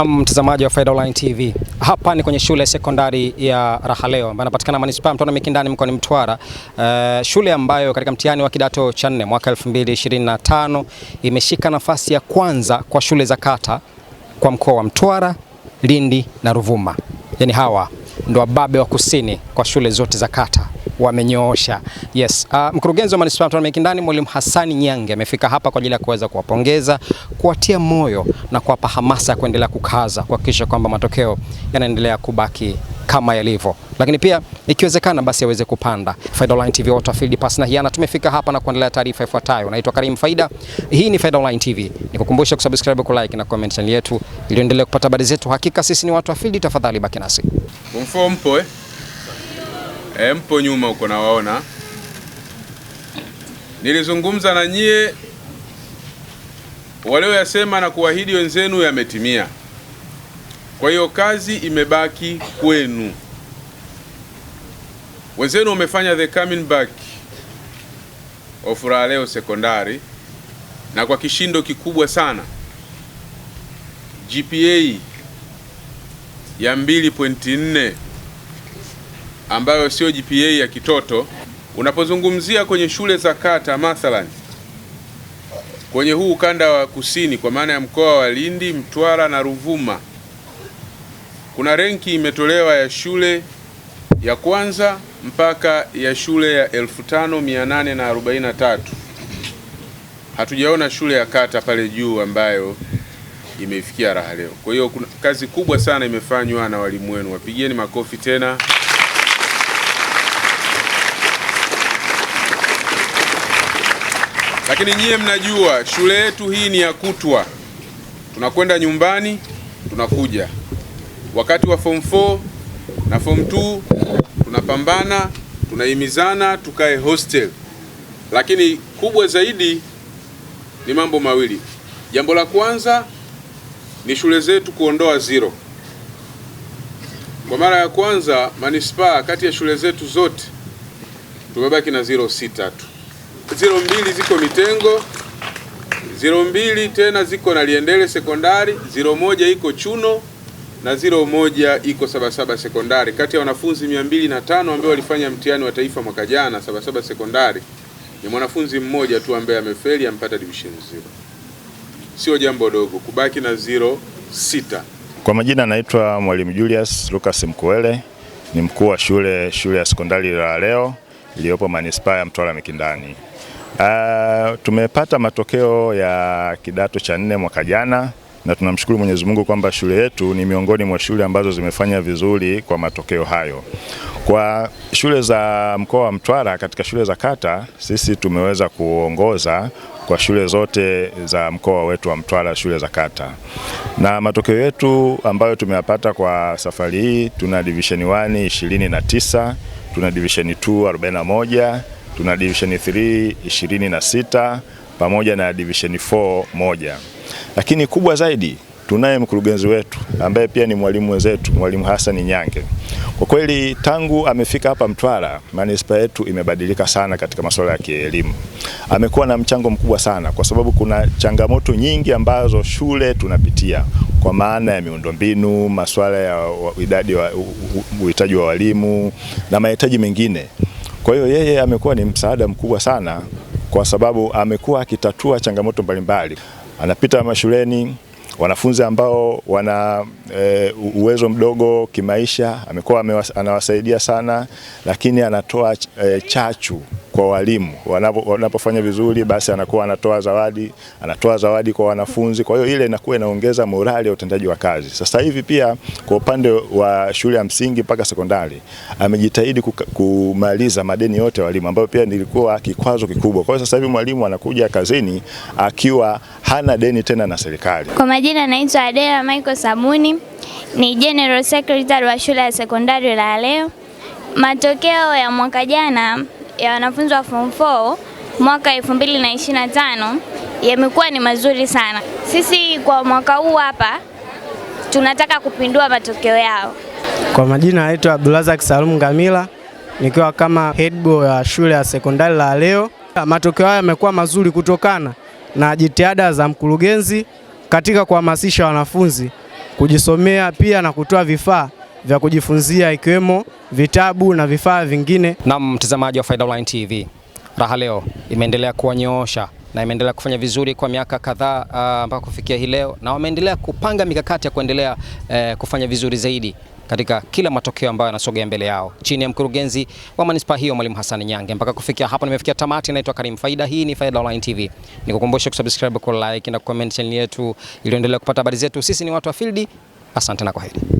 Na mtazamaji wa Faida Online TV, hapa ni kwenye shule sekondari ya Rahaleo ambayo inapatikana manispaa ya Mtwara Mikindani mkoani Mtwara. Uh, shule ambayo katika mtihani wa kidato cha nne mwaka 2025 imeshika nafasi ya kwanza kwa shule za kata kwa mkoa wa Mtwara, Lindi na Ruvuma. Yaani hawa ndo wababe wa kusini kwa shule zote za kata wamenyoosha. Yes. Uh, mkurugenzi wa manispaa ya Mtwara Mikindani Mwalimu Hassan Nyange amefika hapa kwa ajili ya kuweza kuwapongeza, kuwatia moyo na kuwapa hamasa ya kuendelea kukaza kuhakikisha kwamba matokeo yanaendelea kubaki kama yalivyo, lakini pia ikiwezekana basi aweze kupanda. Faida Online TV wote field pass na hiana, tumefika hapa na kuendelea taarifa ifuatayo. Naitwa Karim Faida, hii ni Faida Online TV. Nikukumbusha kusubscribe, ku like na comment channel yetu ili endelee kupata habari zetu. Hakika sisi ni watu wa field, tafadhali baki nasi. Mfumpo, eh? E, mpo nyuma huko nawaona. Nilizungumza na nyie, walioyasema na kuahidi wenzenu yametimia. Kwa hiyo kazi imebaki kwenu. Wenzenu wamefanya the coming back of Raleo Sekondari na kwa kishindo kikubwa sana, GPA ya 2.4 ambayo sio GPA ya kitoto. Unapozungumzia kwenye shule za kata, mathalan kwenye huu ukanda wa kusini, kwa maana ya mkoa wa Lindi, Mtwara na Ruvuma, kuna renki imetolewa ya shule ya kwanza mpaka ya shule ya 5843 hatujaona shule ya kata pale juu ambayo imeifikia raha leo. Kwa hiyo kuna kazi kubwa sana imefanywa na walimu wenu, wapigieni makofi tena. Lakini nyie mnajua shule yetu hii ni ya kutwa, tunakwenda nyumbani, tunakuja. Wakati wa form 4 na form 2 tunapambana, tunahimizana tukae hostel, lakini kubwa zaidi ni mambo mawili. Jambo la kwanza ni shule zetu kuondoa zero. Kwa mara ya kwanza manispaa kati ya shule zetu zote tumebaki na zero sita tu zero mbili ziko Mitengo, ziro mbili tena ziko na liendele sekondari, ziro moja iko Chuno na ziro moja iko Sabasaba sekondari. Kati ya wanafunzi mia mbili na tano ambao walifanya mtihani wa taifa mwaka jana Sabasaba sekondari ni mwanafunzi mmoja tu ambaye amefeli, ampata division zero. Sio jambo dogo kubaki na ziro sita. Kwa majina anaitwa Mwalimu Julius Lucas Mkuele, ni mkuu wa shule shule ya sekondari la leo iliyopo manispaa ya Mtwara Mikindani. Uh, tumepata matokeo ya kidato cha nne mwaka jana na tunamshukuru Mwenyezi Mungu kwamba shule yetu ni miongoni mwa shule ambazo zimefanya vizuri kwa matokeo hayo. Kwa shule za mkoa wa Mtwara, katika shule za kata, sisi tumeweza kuongoza kwa shule zote za mkoa wetu wa Mtwara, shule za kata, na matokeo yetu ambayo tumeyapata kwa safari hii, tuna division 1 29 tuna divisheni 2 41, tuna divisheni 3 26 pamoja na divisheni 4 moja. Lakini kubwa zaidi tunaye mkurugenzi wetu ambaye pia ni mwalimu wenzetu, Mwalimu Hassan Nyange. Kwa kweli tangu amefika hapa Mtwara, manispaa yetu imebadilika sana katika masuala ya kielimu. Amekuwa na mchango mkubwa sana, kwa sababu kuna changamoto nyingi ambazo shule tunapitia kwa maana ya miundombinu, masuala ya idadi wa uhitaji wa walimu na mahitaji mengine. Kwa hiyo yeye amekuwa ni msaada mkubwa sana, kwa sababu amekuwa akitatua changamoto mbalimbali, anapita mashuleni wanafunzi ambao wana e, uwezo mdogo kimaisha amekuwa anawasaidia sana, lakini anatoa e, chachu kwa walimu wanapofanya vizuri, basi anakuwa anatoa zawadi, anatoa zawadi kwa wanafunzi. Kwa hiyo ile inakuwa inaongeza morali ya utendaji wa kazi. Sasa hivi pia kwa upande wa shule ya msingi mpaka sekondari amejitahidi kumaliza madeni yote ya walimu, ambayo pia nilikuwa kikwazo kikubwa. Kwa hiyo sasa hivi mwalimu anakuja kazini akiwa hana deni tena na serikali majina naitwa Adela Michael Sabuni, ni General Secretary wa shule ya sekondari la Leo. Matokeo ya mwaka jana ya wanafunzi wa form 4 mwaka 2025 yamekuwa ni mazuri sana. Sisi kwa mwaka huu hapa tunataka kupindua matokeo yao. Kwa majina naitwa Abdulazak Salum Ngamila nikiwa kama head boy ya shule ya sekondari la leo Matokeo haya yamekuwa mazuri kutokana na jitihada za mkurugenzi katika kuhamasisha wanafunzi kujisomea pia na kutoa vifaa vya kujifunzia ikiwemo vitabu na vifaa vingine. Na mtazamaji wa Faida Online TV, Raha leo imeendelea kuwanyoosha na imeendelea kufanya vizuri kwa miaka kadhaa ah, mpaka uh, kufikia hii leo, na wameendelea kupanga mikakati ya kuendelea uh, kufanya vizuri zaidi katika kila matokeo ambayo yanasogea mbele yao chini ya mkurugenzi wa manispaa hiyo Mwalimu Hassan Nyange. Mpaka kufikia hapo nimefikia tamati, naitwa Karim Faida. Hii ni Faida Online TV, nikukumbusha kusubscribe, ku like na comment channel yetu, ili kupata habari zetu. Sisi ni watu wa field. Asante na kwaheri.